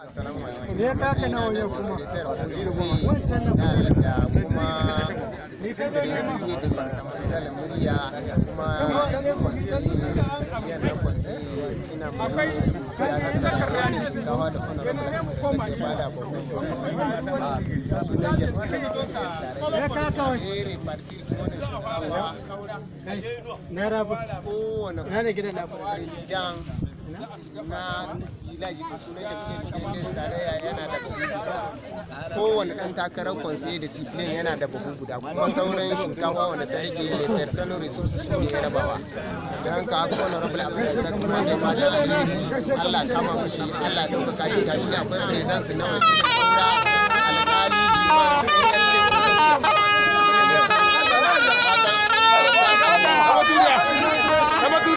Assalamu alaikum. na kuma da barkamatar murya kuma ina ma akwai kayan takarda ne shinkawa da da da da da na village da sunan jam'iyyar pnds tarayya yana da buhu guda kowane ɗan takarar conseil da cplane yana da buhu guda kuma sauran shinkafa wanda ta rage ne personal resources su ne ya rabawa don ka haka honorable abdulrazak kuma da fatan allah kama mashi allah ɗaukaka shi gashi akwai presence na wajen